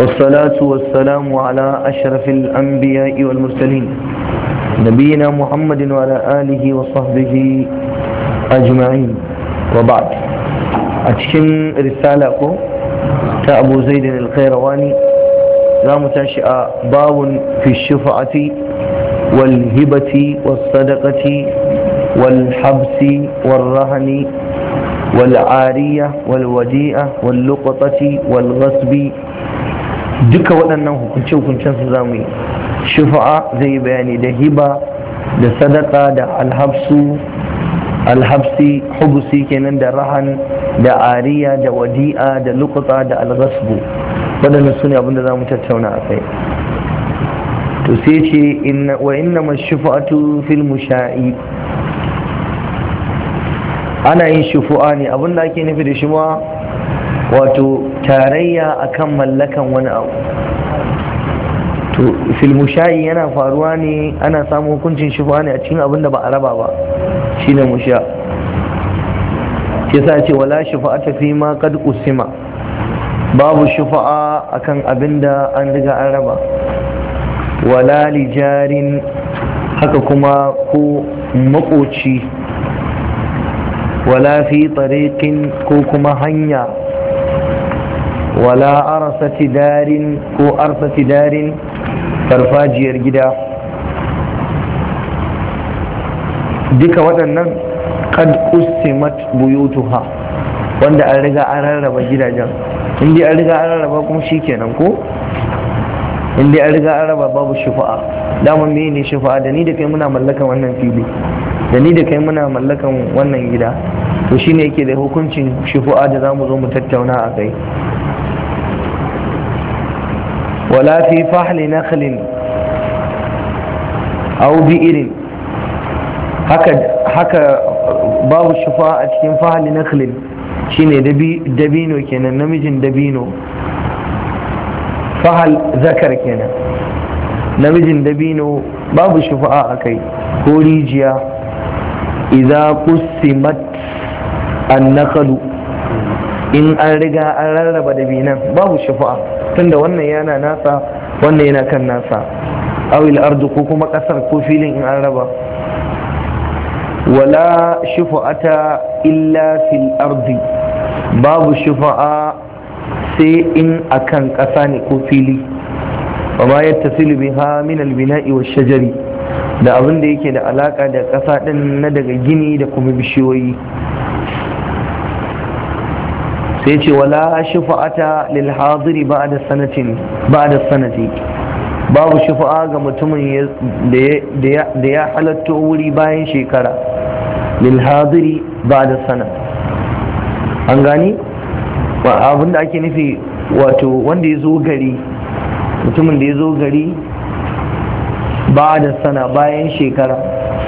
والصلاة والسلام على أشرف الأنبياء والمرسلين نبينا محمد وعلى آله وصحبه أجمعين وبعد أتشم رسالة تا أبو زيد الخيرواني لا تنشأ باب في الشفعة والهبة والصدقة والحبس والرهن والعارية والوديئة واللقطة والغصب duka waɗannan hukunce hukunce su mu yi shufa'a zai yi bayani da hiba da sadaka da alhabsu alhabsi hubusi kenan da rahan da ariya da wadi'a da lukuta da algasbu waɗannan su ne abinda za mu tattauna a kai to sai ce wa inna mashufa'atu fil musha'i ana yin shufu'a ne abinda ake nufi da shi ma wato tarayya akan mallakan wani abu to filmushayi yana faruwa ne ana samun hukuncin shubuha ne a cikin abin da ba a raba ba shine musha yasa ce wala shufa'ata fi ma qad usima babu shufa'a akan abin da an riga an raba wala lijarin haka kuma ko makoci wala fi tariqin ko kuma hanya wala arsati darin farfajiyar gida duka waɗannan kad ustimat buyutuha wanda an riga an rarraba gidajen in dai an riga an rarraba kuma shikenan ko in dai an riga an raba babu shufa'a dama me ne shufa'a da ni da kai muna mallakan wannan fili da ni da kai muna mallakan wannan gida to shine yake da hukuncin shufa'a da zamu zo mu tattauna a kai ولا في فحل نخل أو بئر haka haka babu shufa a cikin fahali na shine dabino kenan namijin dabino fahal zakar kenan namijin dabino babu shufa a kai ko rijiya idza qusimat an in an riga an rarraba dabinan babu shufa tunda wannan yana nasa wannan yana kan nasa awil ardu ko kuma kasar ko filin in an raba wala shufa'ata illa fil ardi babu shufa'a sai in akan kasa ne ko fili wa ma yattasilu biha min al bina'i wash shajari da abin da yake da alaka da kasa din na daga gini da kuma bishiyoyi sai ce wala shufa'ata lil hadiri ba'da sanatin ba'da sanati babu shufa'a ga mutumin da ya halatta wuri bayan shekara lil hadiri ba'da sana an gani abin da ake nufi wato wanda ya zo gari mutumin da ya zo gari ba'da sana bayan shekara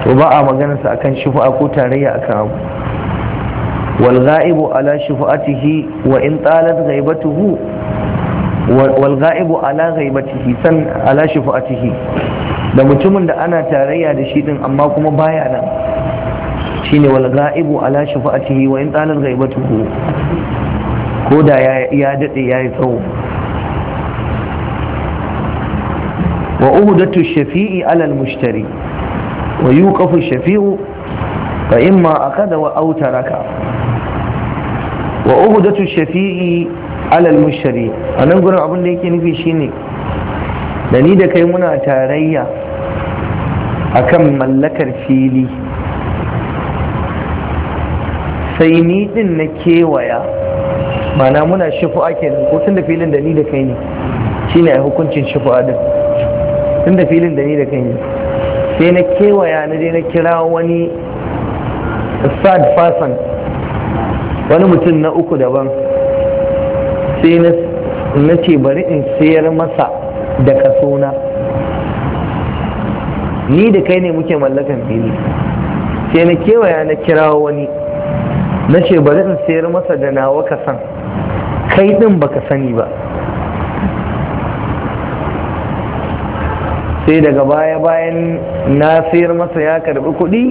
to ba a maganarsa akan shufa'a ko tarayya akan abu والغائب على شفعته وإن طالت غيبته والغائب ala ghaibatihi san ala shafa'atihi da mutumin da ana tarayya da shi din amma kuma baya nan shine wal ghaibu ala shafa'atihi wa in talal ghaibatuhu ko da ya ya dade yayi tsawo wa uhdatu shafi'i ala al mushtari wa yuqafu shafi'u fa imma akada wa aw taraka wa uhudatu shafi'i alal mushari a nan gurin abin da yake nufi shine da ni da kai muna tarayya akan mallakar fili sai ni din na kewaya mana muna shifu'a kenan ko tun da filin da ni da kai ne shine a hukuncin shifu'a din tun da filin da ni da kai ne sai na kewaya na je na kira wani third person wani mutum na uku daban sai na ce bari in sayar masa da kasona ni da kai ne muke mallakan fili sai na kewaya na kira wani na ce bari in sayar masa da nawa kasan kai din baka sani ba sai daga baya bayan na sayar masa ya karbi kuɗi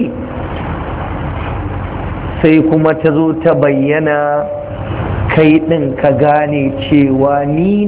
sai kuma ta zo ta bayyana kai ɗin ka gane cewa ni